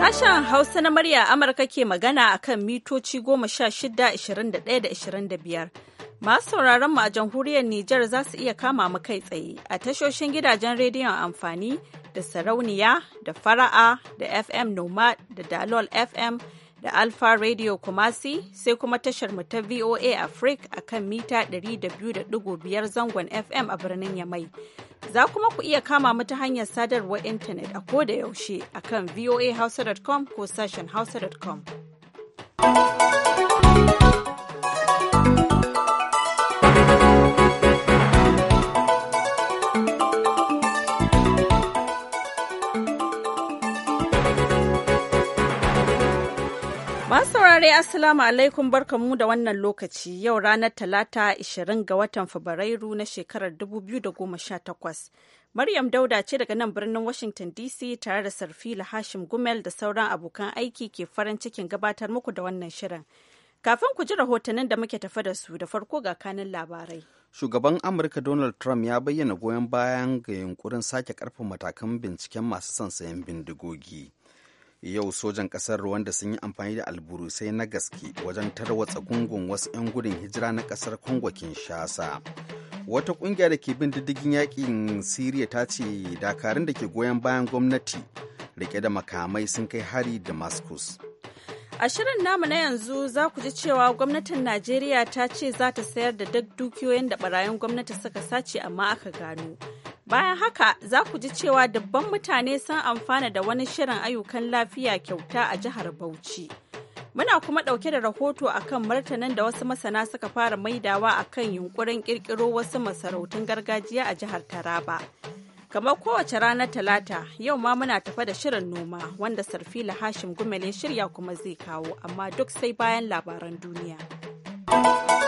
Sashen Hausa na murya Amurka ke magana a kan mitoci goma sha shida, ashirin da ɗaya da ashirin da biyar. Masu sauraron mu a jamhuriyar Nijar za su iya kama mu kai tsaye a tashoshin gidajen rediyon amfani da sarauniya da fara'a da FM Noma da Dalol FM da Alpha Radio Kumasi sai kuma tashar mu ta VOA Africa a kan mita 200.5 zangon FM a birnin Yamai. Za kuma ku iya kama mu ta hanyar sadarwar intanet a koda yaushe a kan voahausa.com ko sashen hausa.com. saurare Assalamu alaikum barkamu da wannan lokaci yau ranar talata 20 ga watan Fabrairu na shekarar 2018. Maryam Dauda ce daga nan birnin Washington DC tare da Sarfila Hashim Gumel da sauran abokan aiki ke farin cikin gabatar muku da wannan shirin. Kafin ku ji rahotannin da muke tafa da su da farko ga kanin labarai. Shugaban Amurka Donald Trump ya bayyana goyon bayan ga yunkurin sake karfin matakan binciken masu son sayan bindigogi. yau sojan ƙasar rwanda sun yi amfani da alburusai na gaske wajen tarwatsa gungun wasu 'yan gudun hijira na kasar congo kinshasa wata ƙungiya da ke bin diddigin yakin siriya ta ce dakarun da ke goyon bayan gwamnati rike da makamai sun kai hari damascus A shirin namu na yanzu za ku ji cewa gwamnatin Najeriya ta ce za ta sayar da duk dukiyoyin da barayin gwamnati suka sace amma aka gano. Bayan haka za ku ji cewa dubban mutane sun amfana da wani shirin ayyukan lafiya kyauta a jihar Bauchi. Muna kuma ɗauke da rahoto akan kan martanin da wasu masana suka fara maidawa a kan yunkurin ƙirƙiro wasu masarautun gargajiya a jihar Taraba. Kamar kowace ranar Talata, yau ma muna tafa da shirin noma wanda Sarfila Hashim Gumel shirya kuma zai kawo, amma duk sai bayan labaran duniya.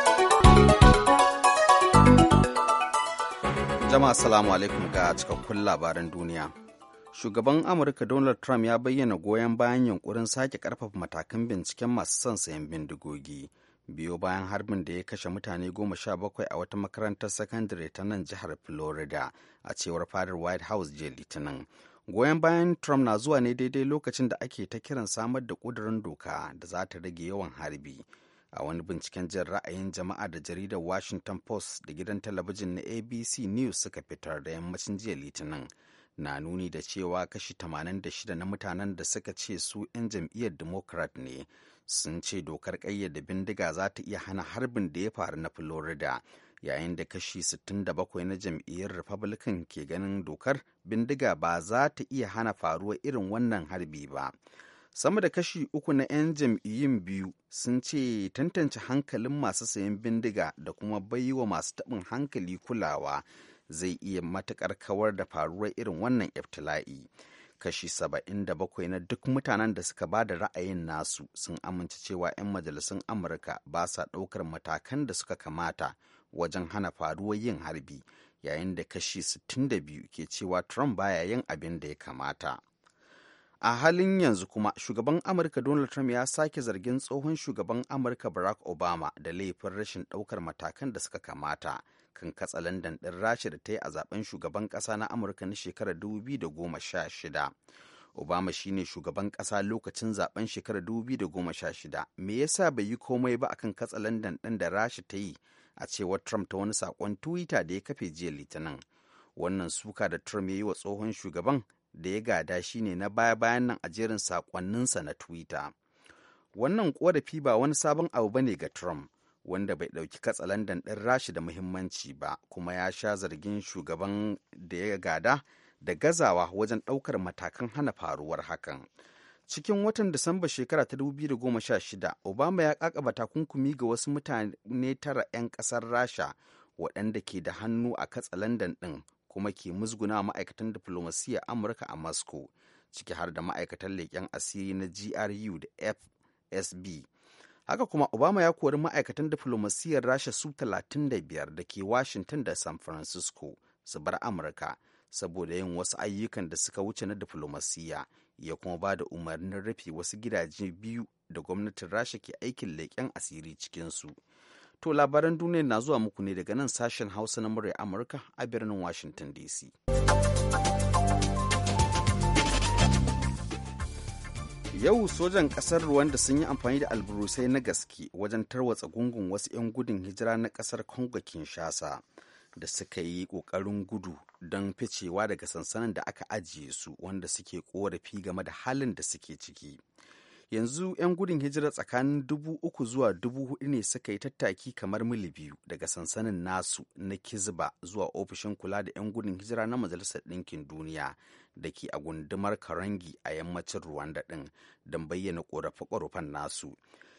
Jama'a salamu alaikum ga cikakkun labaran duniya. Shugaban Amurka Donald Trump ya bayyana goyon bayan yunkurin sake karfafa matakan binciken masu son sayan bindigogi. Biyo bayan harbin da ya kashe mutane goma sha bakwai a wata makarantar sakandare ta nan jihar Florida a cewar fadar White House jiya Litinin. goyon bayan trump na zuwa ne daidai lokacin da ake ta kiran samar da kudurin doka da za ta rage yawan harbi a wani binciken jin ra'ayin jama'a da jaridar washington post da gidan talabijin na abc news suka fitar da yammacin jiya litinin na nuni da cewa kashi 86 na mutanen da suka ce su 'yan jam'iyyar democrat ne sun ce dokar ƙayyade bindiga za ta iya hana harbin da ya faru na florida yayin da kashi 67 na jam'iyyar republican ke ganin dokar bindiga ba za ta iya hana faruwa irin wannan harbi ba. sama da kashi uku na 'yan jam'iyyun biyu sun ce tantance hankalin masu sayan bindiga da kuma baiwa masu taɓin hankali kulawa zai iya matuƙar kawar da faruwar irin wannan iftila'i kashi saba'in da bakwai na duk mutanen da suka ba da ra'ayin nasu sun amince cewa 'yan majalisun amurka ba sa ɗaukar matakan da suka kamata wajen hana faruwar yin harbi yayin da kashi 62 ke cewa trump baya yin abin da ya kamata a halin yanzu kuma shugaban amurka donald trump ya sake zargin tsohon shugaban amurka barack obama da laifin rashin daukar matakan da suka kamata kan katsalandan ɗin rashi da ta yi a zaben shugaban ƙasa na amurka na shekarar 2016 obama shine shugaban ƙasa lokacin zaben shekarar 2016 me yasa bai yi komai ba akan katsalandan ɗin da rashi ta yi a cewar trump ta wani saƙon twitter da ya kafe jiya litinin wannan suka da trump ya yi wa tsohon shugaban da ya gada ne na baya-bayan nan a jerin sakonninsa na Twitter. Wannan korafi ba wani sabon abu ba ne ga Trump, wanda bai ɗauki katsalandan ɗin rashi da muhimmanci ba, kuma ya sha zargin shugaban da ya gada da gazawa wajen ɗaukar matakan hana faruwar hakan. Cikin watan Disamba shekara ta 2016, Obama ya kakaba takunkumi ga wasu mutane tara 'yan ƙasar Rasha waɗanda ke da hannu a katsalandan ɗin kuma ke musguna ma'aikatan diflomasiyya amurka a moscow ciki har da ma'aikatan leƙen asiri na gru da fsb haka kuma obama ya kori ma'aikatan diflomasiyyar rasha su 35 da ke washington da san francisco su bar amurka saboda yin wasu ayyukan da suka wuce na diflomasiyya ya kuma ba da umarnin rufe wasu gidaje biyu da gwamnatin rasha ke aikin leƙen asiri cikinsu to labaran duniya na zuwa muku ne daga nan sashen hausa na murya amurka a birnin washington dc yau sojan kasar rwanda sun yi amfani da alburusai na gaske wajen tarwatsa gungun wasu 'yan gudun hijira na kasar congo kinshasa da suka yi ƙoƙarin gudu don ficewa daga sansanin da aka ajiye su wanda suke ƙorafi game da halin da suke ciki yanzu 'yan gudun hijira tsakanin dubu uku zuwa dubu hudu ne suka yi tattaki kamar mili biyu daga sansanin nasu na kizba zuwa ofishin kula da 'yan gudun hijira na majalisar ɗinkin duniya da ke a gundumar karangi a yammacin ruwanda ɗin don bayyana ƙorafe-ƙorafen nasu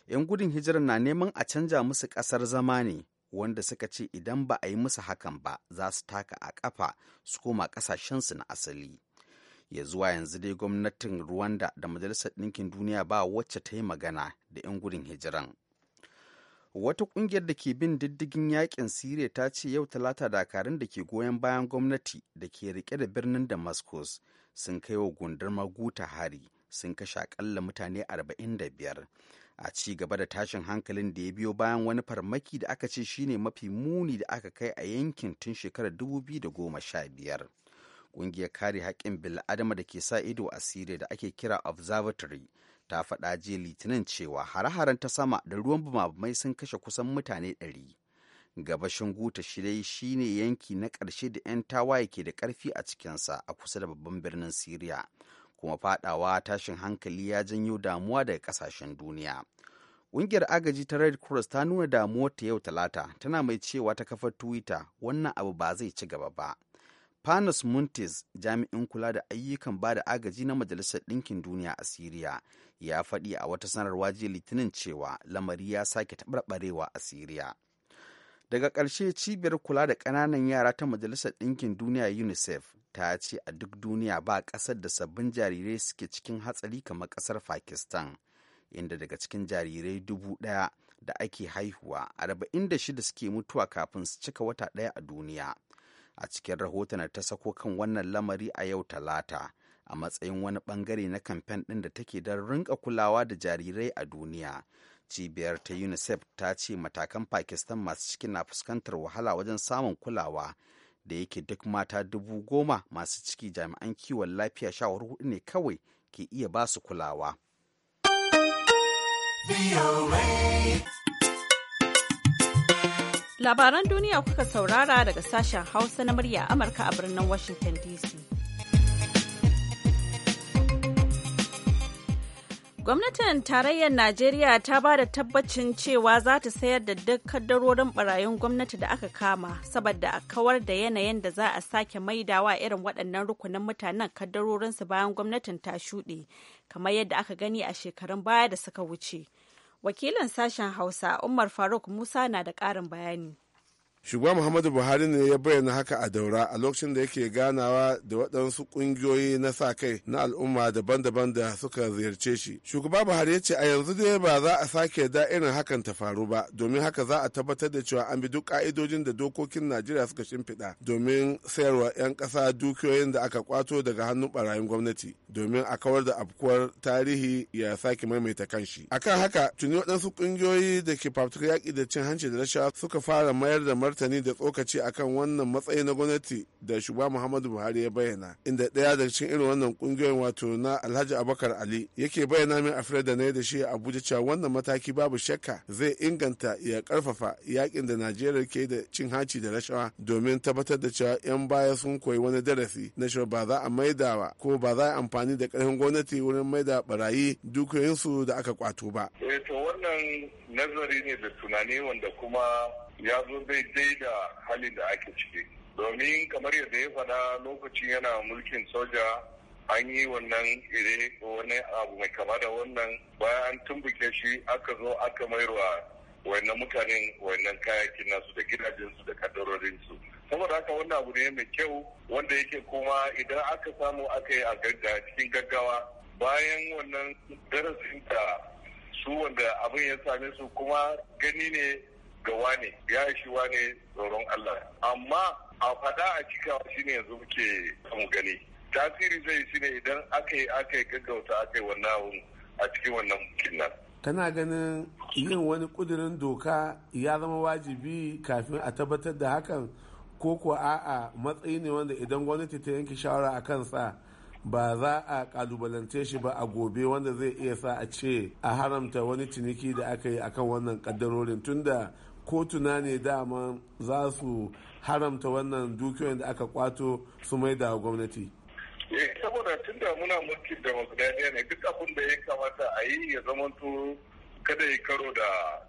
'yan gudun hijira na neman a canja musu ƙasar zama ne wanda suka ce idan ba a yi musu hakan ba za su taka a ƙafa su koma ƙasashensu na asali ya zuwa yanzu dai gwamnatin rwanda da majalisar ɗinkin duniya ba wacce ta yi magana da 'yan gudun hijiran wata ƙungiyar da ke bin diddigin yakin siriya ta ce yau talata dakarun da ke goyon bayan gwamnati da ke rike da birnin damascus sun kai wa gundar maguta hari sun kashe akalla mutane arba'in da biyar a ci gaba da tashin hankalin da ya biyo bayan wani farmaki da aka ce shine mafi muni da aka kai a yankin tun shekarar 2015 ƙungiyar kare haƙƙin bil'adama da ke sa ido a Siriya da ake kira Observatory ta faɗa jiya Litinin cewa hare-haren ta sama da ruwan bumabumai sun kashe kusan mutane ɗari. Gabashin Guta Shirai shine yanki na ƙarshe da 'yan tawaye ke da ƙarfi a cikinsa a kusa da babban birnin Siriya, kuma faɗawa tashin hankali ya janyo damuwa daga ƙasashen duniya. Ƙungiyar agaji ta Red Cross ta nuna damuwar ta yau Talata, tana mai cewa ta kafar Twitter wannan abu ba zai ci gaba ba. Panos Muntis, jami'in kula da ayyukan ba da agaji na Majalisar Ɗinkin Duniya a Siriya, ya faɗi a wata sanarwa jiya Litinin cewa lamari ya sake taɓarɓarewa a Siriya. Daga ƙarshe cibiyar kula da ƙananan yara ta Majalisar Ɗinkin Duniya UNICEF ta ce a duk duniya ba ƙasar da sabbin jarirai suke cikin hatsari kamar ƙasar Pakistan, inda daga cikin jarirai dubu ɗaya da ake haihuwa, arba'in da shida suke mutuwa kafin su cika wata ɗaya a duniya. a cikin rahoton ta sako kan wannan lamari a yau talata a matsayin wani bangare na kamfen ɗin da take don rinka kulawa da jarirai a duniya cibiyar ta unicef ta ce matakan pakistan masu ciki na fuskantar wahala wajen samun kulawa da yake duk mata dubu goma masu ciki jami'an kiwon lafiya shawar hudu ne kawai ke iya ba su kulawa. Labaran duniya kuka saurara daga sashen Hausa na murya Amurka a birnin Washington DC. Gwamnatin tarayyar Najeriya ta ba da tabbacin cewa za ta sayar da duk kaddarorin barayin gwamnati da aka kama saboda a kawar da yanayin da za a sake maidawa irin waɗannan rukunin mutanen kaddarorinsu bayan gwamnatin ta shuɗe kamar yadda aka gani a shekarun baya da suka wuce. Wakilin sashen Hausa Umar Faruk Musa na da ƙarin bayani. shugaba muhammadu buhari ne ya bayyana haka a daura a lokacin da yake ganawa da waɗansu ƙungiyoyi na sa kai na al'umma daban-daban da suka ziyarce shi shugaba buhari ya ce a yanzu dai ba za a sake da irin hakan ta faru ba domin haka za a tabbatar da cewa an bi duk ka'idojin da dokokin najeriya suka shimfiɗa domin sayarwa 'yan ƙasa dukiyoyin da aka kwato daga hannun barayin gwamnati domin a kawar da afkuwar tarihi ya sake maimaita kanshi akan haka tuni waɗansu ƙungiyoyi da ke fafutuka yaƙi da cin hanci da rashawa suka fara mayar da martani da tsokaci akan wannan matsayi na gwamnati da shugaba muhammadu buhari ya bayyana inda ɗaya daga cikin irin wannan ƙungiyoyin wato na alhaji abakar ali yake bayyana min afirka da na da shi a abuja cewa wannan mataki babu shakka zai inganta ya karfafa yakin da najeriya ke da cin hanci da rashawa domin tabbatar da cewa 'yan baya sun koyi wani darasi na cewa ba za a wa ko ba za a amfani da ƙarfin gwamnati wurin maida barayi dukiyoyinsu da aka kwato ba. Eh, to wannan nazari ne da tunani wanda kuma ya zo daidai da halin da ake ciki domin kamar yadda ya faɗa lokacin yana mulkin soja an yi wannan ire ko wani abu mai kama da wannan bayan an tumbuke shi aka zo aka mairwa wannan mutanen wannan kayakin nasu da gidajensu da kadarorinsu saboda haka wannan abu ne mai kyau wanda yake kuma idan aka samu aka yi a cikin gaggawa bayan wannan darasin da su wanda abin ya same su kuma gani ne ga wane ya shi wane tsoron Allah amma a faɗa a cikawa shine yanzu muke mu gani tasiri zai shi ne idan aka yi aka yi gaggauta aka yi wannan a cikin wannan mulkin nan kana ganin yin wani kudirin doka ya zama wajibi kafin a tabbatar da hakan ko kuwa a'a matsayi ne wanda idan gwamnati ta yanke shawara a kansa ba za a kalubalance shi ba a gobe wanda zai iya sa a ce a haramta wani ciniki da aka yi akan wannan kaddarorin tunda kotuna ne dama za su haramta wannan dukiyoyin da aka kwato su mai da gwamnati eh, saboda tun da muna mulkin demokradiyya ne duk abin da ya kamata a yi ya zamanto kada ya karo da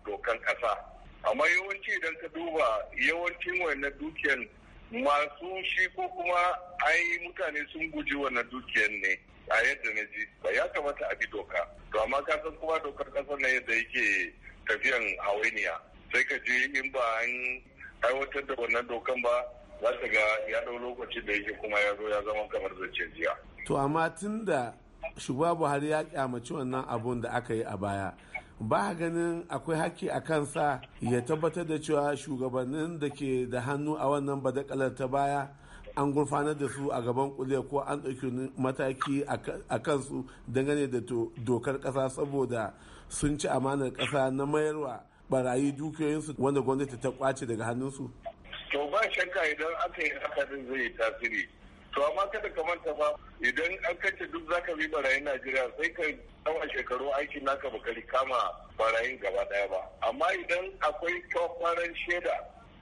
dokan kasa amma yawanci idan ka duba yawancin wannan dukiyan masu shi ko kuma ai mutane sun guji wannan dukiyan ne a yadda na ji ba ya kamata a bi doka to amma ka kuma dokar kasar na yadda yake tafiyan hawainiya sai ka je in ba an aiwatar da wannan dokan ba za ta ga ya ɗau lokaci da yake kuma ya zo ya zama kamar zance jiya. to amma tun da shugaba buhari ya kyamaci wannan abun da aka yi a baya ba ganin akwai haƙƙi a kansa ya tabbatar da cewa shugabannin da ke da hannu a wannan badakalar ta baya an gurfanar da su a gaban kuliya ko an ɗauki mataki a kansu dangane da dokar ƙasa saboda sun ci amanar ƙasa na mayarwa barayi dukiyoyinsu wanda gwamnati ta kwace daga hannunsu? To ba shakka idan aka yi hakanin zai yi tasiri. To amma kada ka manta ba idan an kace duk zaka bi barayin Najeriya sai ka tsawon shekaru aikin naka baka kama barayin gaba daya ba. Amma idan akwai kwafaran shaida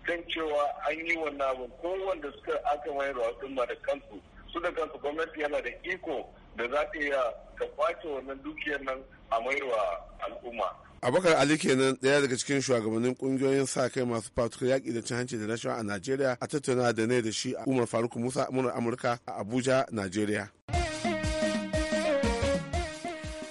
kan cewa an yi wannan abu ko wanda suka aka mayar da wasu da kansu su da kansu gwamnati yana da iko da za ta iya ka kwace wannan dukiyar nan a maiwa al'umma abubakar ali kenan daya daga cikin shugabannin kungiyoyin sa kai masu fatukar yaƙi da cin hanci da rashawa a najeriya a tattauna da ne da shi a umar faruk musa murar amurka a abuja najeriya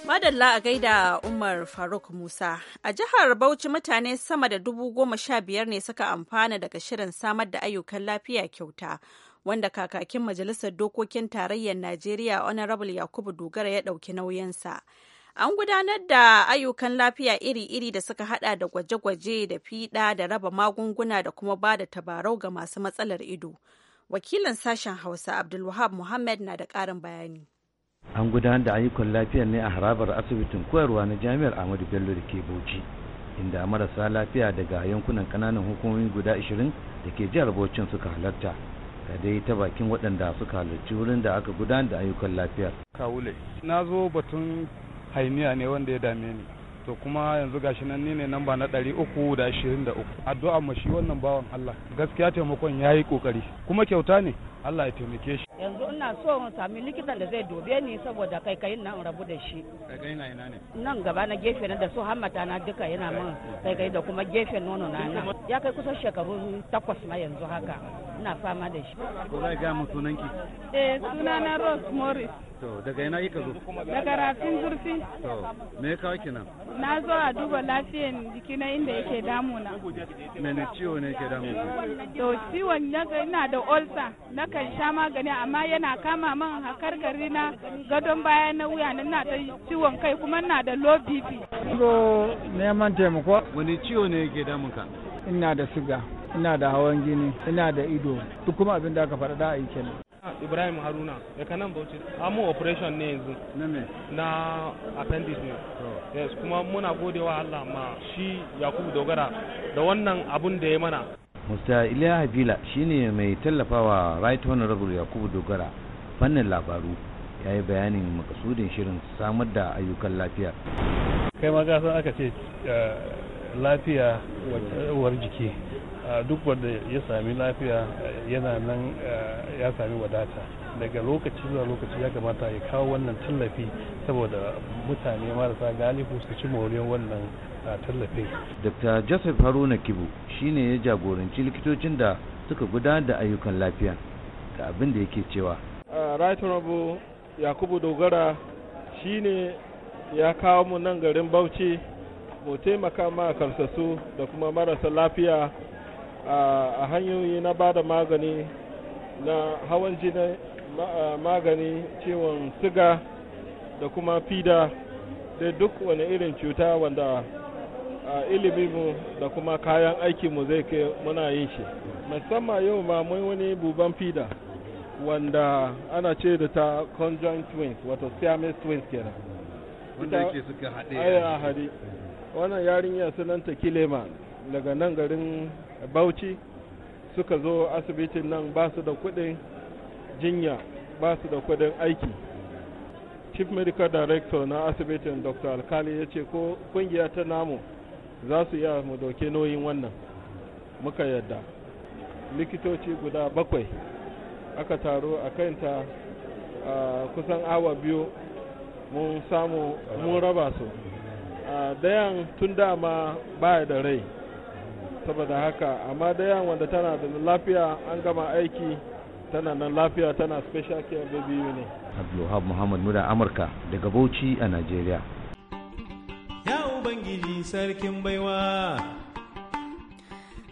Madalla a gaida Umar Faruk Musa. A jihar Bauchi mutane sama da dubu goma sha biyar ne suka amfana daga shirin samar da ayyukan lafiya kyauta. Wanda kakakin Majalisar Dokokin Tarayyar Najeriya Honorable Yakubu Dogara ya ɗauki nauyinsa. An gudanar da ayyukan lafiya iri-iri da suka hada da gwaje-gwaje da fiɗa da raba magunguna da kuma ba da tabarau ga masu matsalar ido. Wakilin sashen Hausa Abdulwahab Muhammad na da karin bayani. An gudanar da ayyukan lafiya ne a harabar asibitin koyarwa na Jami'ar Ahmadu Bello da ke Bauchi, inda marasa lafiya daga yankunan ƙananan hukumomi guda ashirin da ke jihar Bauchi suka halarta. ka dai ta bakin waɗanda suka halarci wurin da aka gudanar da ayyukan lafiyar. Kawule, na zo batun haimiya ne wanda ya dame ni to kuma yanzu gashi nan ni ne namba na ɗari uku da ashirin da uku addu'a ma shi wannan bawan Allah gaskiya taimakon ya yi ƙoƙari kuma kyauta ne Allah ya taimake shi yanzu ina so in sami likitan da zai dobe ni saboda kai kai nan rabu da shi nan gaba na gefe na da su hammata na duka yana min kai kai da kuma gefe nono na nan ya kai kusan shekaru takwas ma yanzu haka ina fama da shi ko za ga mu sunanki eh sunana Rose Morris To daga ina kika zo? Daga rafin zurfi. To me kawo ki nan? Na zo a duba lafiyan jikina inda yake damuna. Mene ciwo ne yake damu? To ciwon ina da ulcer na kan sha magani amma yana kama man hakar gari na gadon baya na wuya na na ta ciwon kai kuma na da low BP. Zo neman taimako. Wani ciwo ne yake damunka? Ina da siga. ina da hawan gini ina da ido duk kuma abin da aka faɗa da a yi kenan Ibrahim Haruna daga nan Bauchi amu operation ne yanzu na appendix ne yes kuma muna godewa Allah ma shi Yakubu Dogara da wannan abun da ya mana Musta Iliya Habila shine mai tallafawa Right Honorable Yakubu Dogara fannin labaru yayi bayanin makasudin shirin samar da ayyukan lafiya. Kai ma san aka ce eh, lafiya war jiki Eh, duk wanda ya sami lafiya eh, yana nan eh, ya sami wadata daga lokaci zuwa lokaci ya kamata ya kawo wannan tallafi saboda mutane marasa galihu su ci moriyar wannan tallafin. Dr. Joseph Haruna Kibu shine ya jagoranci likitocin da suka gudanar da ayyukan lafiya ga abin da yake cewa. Right Yakubu Dogara shine ya kawo mu nan garin Bauchi mu taimaka ma karsasu da kuma marasa lafiya a hanyoyi na ba da magani na hawan jini magani ciwon siga da kuma fida da duk wani irin cuta wanda iliminmu da kuma kayan aikinmu zai ke muna yin shi musamman yau ma mun wani buban fida wanda ana ce da ta conjoint twins wato siamese twins kenan wanda yake suka haɗe a haɗe wannan yarinya sunanta kilema daga nan garin bauchi suka zo asibitin nan ba su da kuɗin jinya ba su da kuɗin aiki chief medical director na asibitin dr alkali ya ce ko kungiya ta namu za su iya mu doke noyin wannan muka yadda likitoci guda bakwai aka taro a kanta kusan awa biyu mun samu mun raba su dayan tun dama baya da rai saboda haka amma da yawan wanda tana da lafiya an gama aiki tana nan lafiya tana special care baby ne abdulhab muhammad muda amurka daga bauchi a nigeria ya ubangiji sarkin baiwa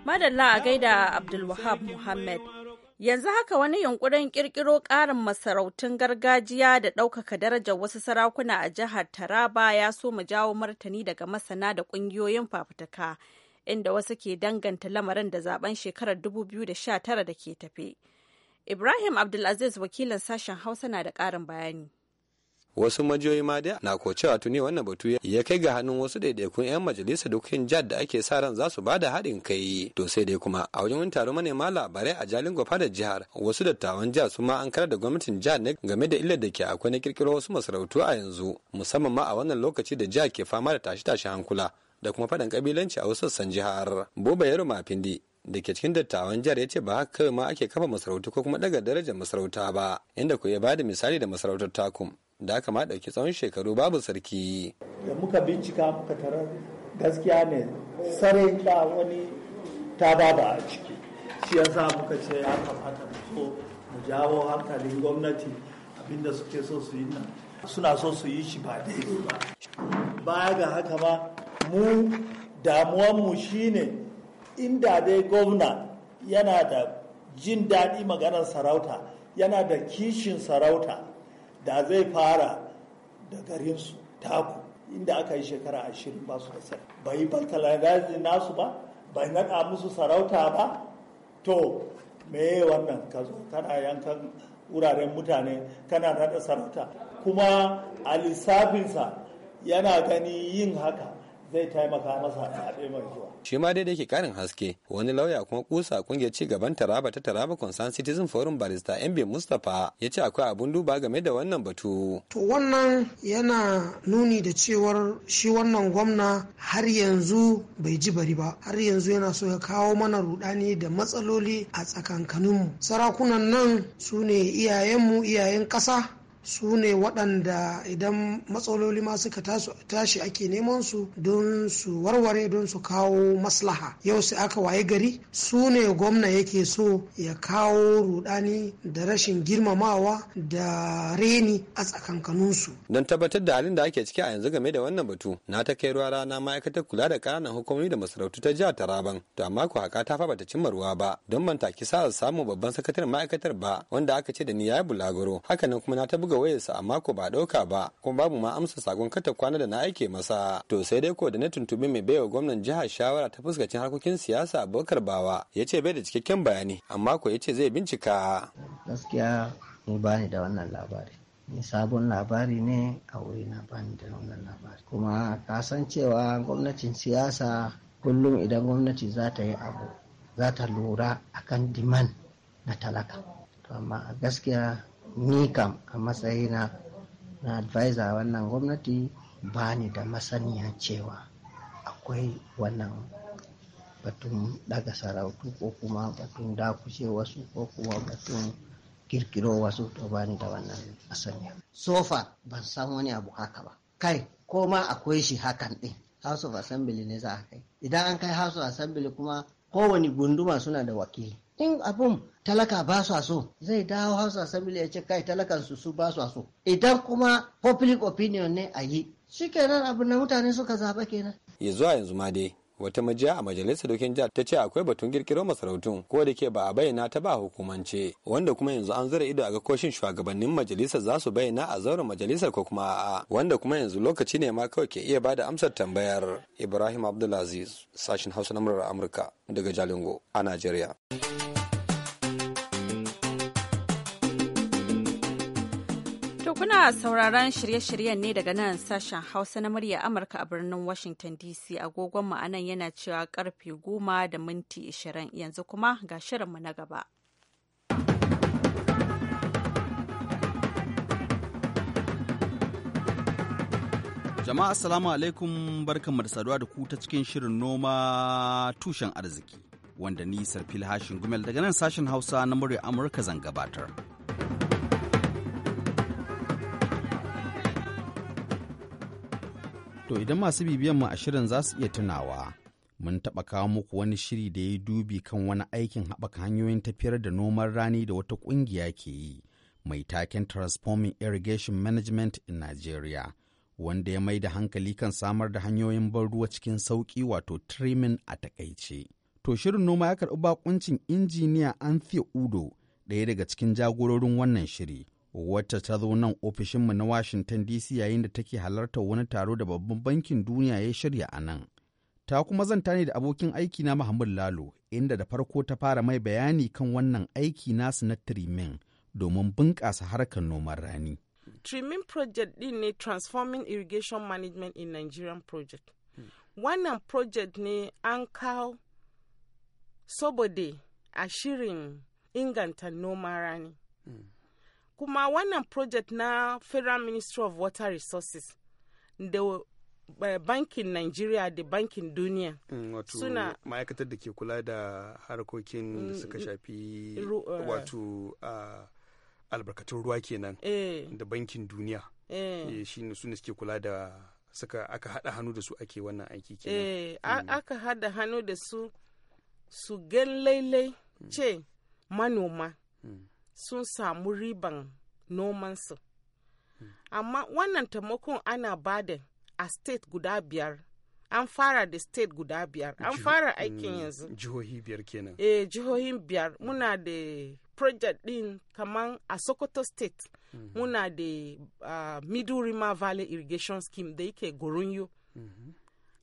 madalla a gaida abdulwahab muhammad yanzu haka wani yunkurin kirkiro ƙarin masarautun gargajiya da ɗaukaka darajar wasu sarakuna a jihar taraba ya so mu jawo martani daga masana da ƙungiyoyin fafutuka inda wasu ke danganta lamarin da zaben shekarar 2019 da ke tafe. Ibrahim Abdulaziz wakilin sashen Hausa na da ƙarin bayani. wasu majiyoyi ma dai na ko cewa tuni wannan batu ya kai ga hannun wasu daidaikun 'yan majalisa dukkan jihar da ake sa ran za su ba da haɗin kai to sai dai kuma a wajen wani taron manema labarai a jalin gwafa da jihar wasu dattawan jihar su ma an karar da gwamnatin jihar ne game da illar da ke akwai na kirkiro wasu masarautu a yanzu musamman ma a wannan lokaci da jihar ke fama da tashe-tashen hankula da kuma faɗan kabilanci a wasu sassan jihar boba yaro findi da ke cikin dattawan jihar ya ce ba haka kawai ma ake kafa masarautu ko kuma daga darajar masarauta ba inda ku ya ba da misali da masarautar takum da aka ma ɗauki tsawon shekaru babu sarki. da muka bincika muka tarar gaskiya ne sarai ba wani ta ba a ciki shi ya sa muka ce ya kamata mu so mu jawo hankalin gwamnati abinda suke so su yi nan suna so su yi shi ba daidai ba baya ga haka ba. mu damuwanmu shine inda dai gwamna yana da jin daɗi maganar sarauta yana da kishin sarauta da zai fara da garinsu taku inda aka yi shekara ashirin ba su da sai bai balkalagazi nasu ba bai naɗa musu sarauta ba to me wannan ka zo kana yankan wuraren mutane kana naɗa sarauta kuma a lissafinsa yana gani yin haka zai taimaka masa haɗe mai zuwa. Shi ma dai da yake ƙarin haske wani lauya kuma kusa kungiyar ci gaban Taraba ta Taraba Concern Citizen Forum barista MB Mustapha ya ce akwai abun duba game da wannan batu. To wannan yana nuni da cewar shi wannan gwamna har yanzu bai ji bari ba har yanzu yana so ya kawo mana rudani da matsaloli a tsakankaninmu. Sarakunan nan su ne iyayenmu iyayen ƙasa su ne waɗanda idan matsaloli ma suka tashi ake neman su don su warware don su kawo maslaha yau sai aka waye gari su ne gwamna yake so ya kawo rudani da rashin girmamawa da reni a tsakankaninsu don tabbatar da halin da ake ciki a yanzu game da wannan batu na ta kai ruwa rana ma'aikatar kula da ƙananan hukumomi da masarautu ta jihar taraban to amma ko haka ta fa bata cimma ruwa ba don ban taki sa samu babban sakataren ma'aikatar ba wanda aka ce da ni yayi bulaguro hakanan kuma na ta buga buga wayarsa a mako ba ɗauka ba kuma babu ma amsa sakon kata kwana da na aike masa to sai dai ko da na tuntubi mai baiwa gwamnan jihar shawara ta fuskacin harkokin siyasa bokar bawa ya ce bai da cikakken bayani amma ko ya ce zai bincika gaskiya ni ba ni da wannan labari ni sabon labari ne a wuri na ba ni da wannan labari kuma ka san cewa gwamnatin siyasa kullum idan gwamnati za ta yi abu za ta lura akan diman na talaka to amma gaskiya ni kam a matsayi na advisor wannan gwamnati ba ni da masaniya cewa akwai wannan batun daga sarautu ko kuma batun dakushe wasu ko kuma batun kirkiro wasu to ba ni da wannan masaniya. sofa ban san wani abu haka ba kai ko ma akwai shi hakan din house of assembly ne za a kai idan an kai house of assembly kuma Kowani gunduma suna da wakili in abun talaka ba su so zai dawo hausa assembly ya ce kai talakan su su ba su so idan kuma public opinion ne a yi kenan abin na mutane suka zaba kenan ya zuwa yanzu ma dai wata majiya a majalisar dokin jihar ta ce akwai batun kirkiro masarautun ko da ke ba a bayyana ta ba hukumance wanda kuma yanzu an zura ido a ga koshin shugabannin majalisar za su bayyana a zauren majalisar ko kuma a'a wanda kuma yanzu lokaci ne ma kawai ke iya ba da amsar tambayar ibrahim abdulaziz sashin hausa na murar amurka daga jalingo a najeriya To kuna sauraron shirye-shiryen ne daga nan sashen Hausa na murya Amurka a birnin Washington DC agogon mu anan yana cewa karfe goma da minti 20 yanzu kuma ga shirinmu na gaba. Jama'a assalamu alaikum barkanmu da saduwa da ku ta cikin shirin noma tushen arziki wanda ni Sarfil Hashin Gumel daga nan sashen Hausa na murya Amurka zan gabatar. To idan masu bibiyan mu a shirin za su iya tunawa, mun taɓa kawo muku wani shiri da ya yi dubi kan wani aikin haɓaka hanyoyin tafiyar da noman rani da wata ƙungiya ke yi, mai taken Transforming Irrigation Management in Nigeria, wanda ya mai da hankali kan samar da hanyoyin ban ruwa cikin sauƙi wato trimming a takaice. To shirin noma ya karɓi baƙuncin injiniya Anthea Udo, ɗaya daga cikin jagororin wannan shiri, wacce ta zo nan ofishinmu na Washington DC yayin da take halartar wani taro da babban bankin duniya ya shirya a nan. Ta kuma zanta ne da abokin aiki na Muhammad Lalo, inda da farko ta fara mai bayani kan wannan aiki nasu na Trimin domin bunƙasa harkar noman rani. Trimin Project ɗin ne Transforming Irrigation Management in Nigerian Project. Hmm. Wannan project ne an kawo saboda a shirin inganta noman rani. Hmm. kuma wannan project na federal ministry of water resources da eh, bankin nigeria da bankin duniya mm, suna ma'aikatar da ke kula da harkokin mm, da suka shafi uh, wato uh, albarkatun ruwa kenan eh, da bankin duniya eh. eh, shi suna suke kula da suka aka hada hannu da su ake wannan aiki kenan eh, mm. aka hada hannu da su su gan lailai mm. ce manoma mm. sun samu riban nomansu amma wannan taimakon ana bada a state guda biyar an fara da state guda biyar an fara aikin yanzu mm, jihohi biyar kenan eh jihohi biyar muna da project din kaman a sokoto state mhm. muna da ah, middle river valley irrigation scheme da yake gorunyo mhm.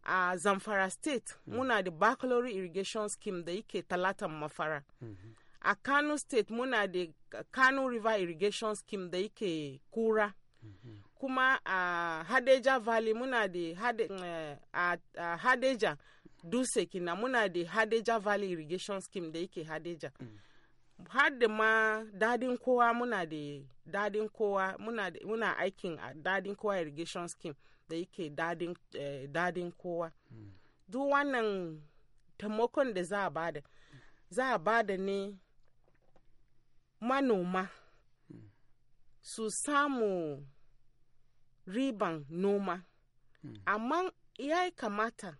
a zamfara state mm. muna da Bakalori irrigation scheme da yake talatan mafara mhm. a kano state muna da kano river irrigation scheme da yake kura kuma a hadeja valley muna da eh, a, hadeja dutse kina muna da hadeja valley irrigation scheme da yake hadeja mm. har da ma dadin kowa muna da dadin kowa muna, muna aikin a dadin kowa irrigation scheme da yake dadin, eh, kowa duk wannan tamakon da za a bada za a bada ne manoma su samu riban noma amma ya kamata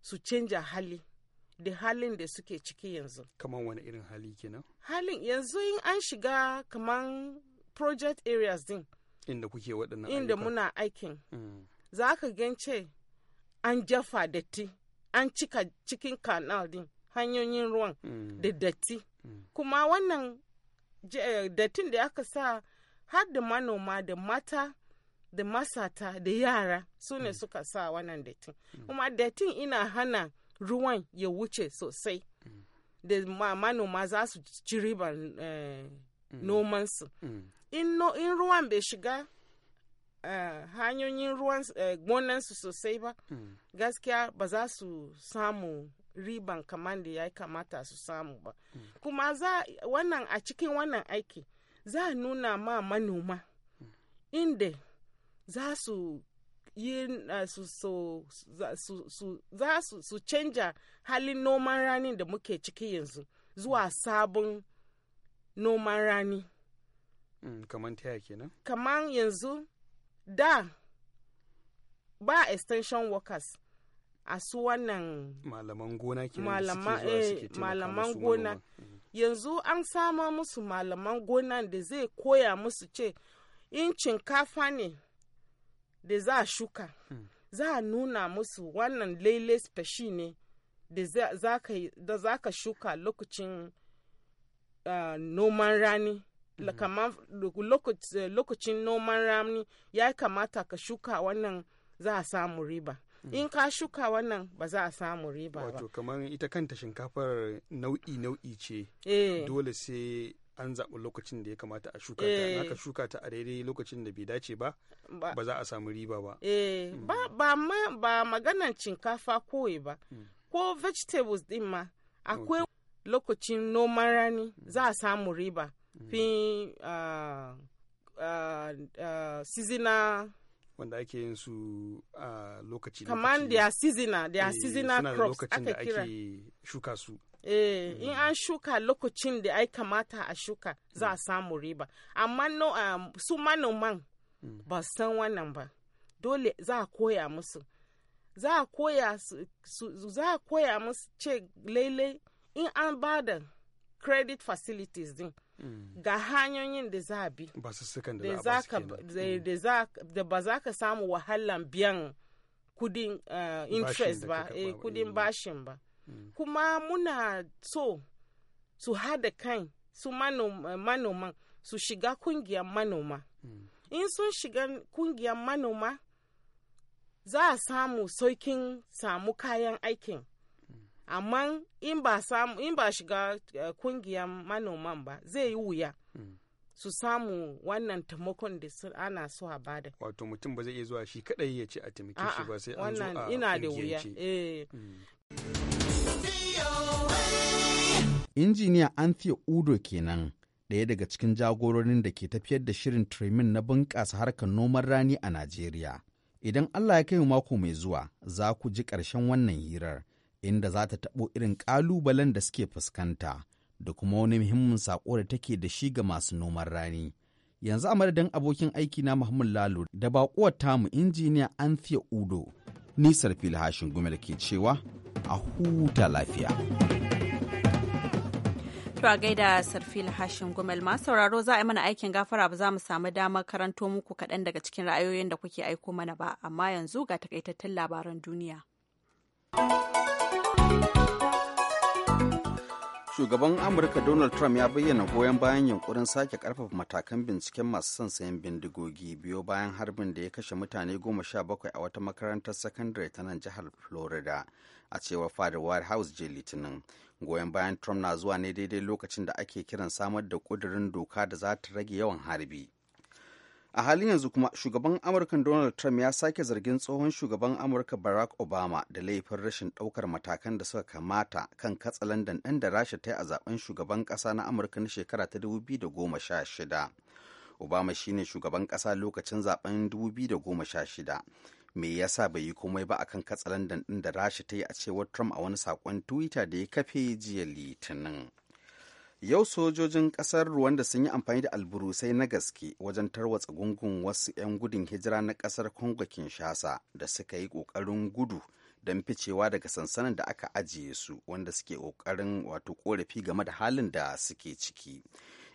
su canja hali da halin da suke ciki yanzu kamar wani irin hali kenan halin yanzu in an shiga kaman project areas din inda kuke waɗannan inda muna aikin mm. za ka gance an jafa datti an cika cikin canal din hanyoyin ruwan mm. da datti mm. kuma wannan Eh, dattin da aka sa har da manoma da mata da masata da yara su ne mm. suka sa wannan dattin mm. kuma dattin ina hana ruwan ya wuce sosai mm. da manoma za su ci ribar eh, nomansu in ruwan bai shiga eh, hanyoyin ruwan gonansu sosai ba gaskiya ba za su samu riban kamar da ya kamata su samu ba kuma za wannan a cikin wannan aiki za a nuna ma manoma inda za su yi eh, za su canja halin noman rani da muke ciki yanzu zuwa sabon noman rani Kamar mm, kaman ta kenan Kamar yanzu da ba extension workers a su wannan malaman gona eh, malaman gona mm. yanzu an sama musu malaman gona da zai koya musu ce in shinkafa ne da za a shuka hmm. za a nuna musu wannan laile speshi ne da za ka shuka lokacin ah, noman rani hmm. eh, lokacin noman rani ya kamata ka shuka wannan za a samu riba Mm. in ka shuka wannan ba za a samu riba ba wato kamar ita kanta shinkafar nau'i nau'i ce eh. dole sai an zaɓi lokacin da ya kamata a shuka ta eh. aka shuka ta a daidai lokacin da bai dace ba ba za a samu riba ba eh. mm. ba maganan shinkafa kowai ba mm. ko vegetables din ma akwai lokacin noman rani za a samu riba fi ah, ah, ah, seasonal wanda ake yin su a lokaci kamar eh, da seasonal da seasonal crops aka kira ake shuka su eh in mm. an shuka lokacin da ai kamata a shuka za a mm. samu riba amma no um, su manoman mm. ba san wannan ba dole za a koya musu za a koya za a koya musu ce lailai in an ba da credit facilities din Mm. ga hanyoyin da za a bi da ba za ka samu wahalan biyan kudin eh, interest eh, ba kudin eh. bashin ba mm. kuma muna so su hada kai su manoman su shiga kungiyar manoma mm. in sun shiga kungiyar manoma za a samu saukin samu kayan aikin amma in ba shiga eh, kungiyar manoman ba zai yi wuya hmm. su samu wannan taimakon da ana so a bada. Wato mutum ba zai iya zuwa shi kadai ya ce a taimake shi ba sai an zo a ina da wuya. Eh. Hmm. Injiniya Anthea Udo kenan ɗaya daga cikin jagororin da ke tafiyar da shirin Tremin na bunƙasa harkar noman rani a Najeriya. Idan Allah ya kai mu mako mai zuwa, za ku ji ƙarshen wannan hirar. inda za ta taɓo irin ƙalubalen da suke fuskanta da kuma wani muhimmin saƙo da take da shi ga masu noman rani. Yanzu a madadin abokin aiki na Muhammad Lalo da baƙuwa tamu injiniya Anthea Udo, nisar filhashin gumel ke cewa a huta lafiya. To a gaida sarfil hashin gumel ma sauraro za a yi mana aikin gafara ba za mu samu damar karanto muku kaɗan daga cikin ra'ayoyin da kuke aiko mana ba amma yanzu ga takaitattun labaran duniya. shugaban amurka donald trump ya bayyana goyon bayan yunkurin sake karfafa matakan binciken masu son sayan bindigogi biyo bayan harbin da ya kashe mutane goma sha bakwai a wata makarantar sakandare ta nan jihar florida a cewar fadar white house je litinin goyon bayan trump na zuwa ne daidai lokacin da ake kiran samar da kudurin doka da za ta rage yawan harbi a halin yanzu kuma shugaban amurka donald trump ya sake zargin tsohon shugaban amurka barack obama da laifin rashin daukar matakan da suka kamata kan katsalandan ɗan da rasha ta yi a zaben shugaban kasa na amurka na shekara ta 2016 obama shine shugaban ƙasa lokacin zaben 2016 me sa bai yi komai ba akan katsalandan ɗin da rasha ta yi a cewar trump a wani saƙon twitter da ya kafe jiya litinin yau sojojin kasar rwanda sun yi amfani da alburusai na gaske wajen tarwatsa gungun wasu 'yan gudun hijira na kasar congo kinshasa da suka yi kokarin gudu don ficewa daga sansanin da aka ajiye su wanda suke kokarin wato korafi game da halin da suke ciki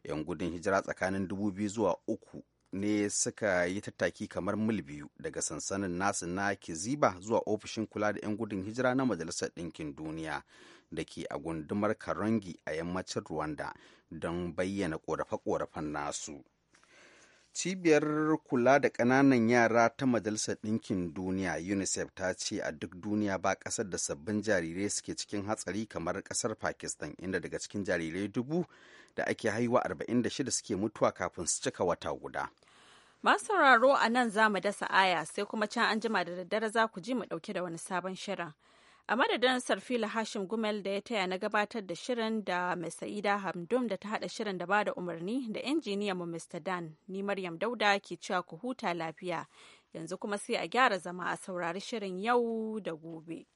'yan gudun hijira tsakanin 2000 zuwa uku ne suka yi tattaki kamar mil biyu daga sansanin nasu na kiziba zuwa ofishin kula da 'yan gudun hijira na majalisar ɗinkin duniya da ke a gundumar karangi a yammacin rwanda don bayyana korafe-korafen nasu cibiyar kula da ƙananan yara ta majalisar ɗinkin duniya unicef ta ce a duk duniya ba ƙasar da sabbin jarirai suke cikin hatsari kamar ƙasar pakistan inda daga cikin jarirai dubu da ake haihuwa 46 suke mutuwa kafin su cika wata guda masu sauraro a nan za mu dasa aya sai kuma can an jima da daddare za ku ji mu ɗauke da wani sabon shirin a madadin sarfila hashim gumel da ya taya na gabatar da shirin da mai sa'ida hamdum da ta hada shirin da bada umarni da injiniya mu mr dan ni maryam dauda ke cewa ku huta lafiya yanzu kuma sai a gyara zama a saurari shirin yau da gobe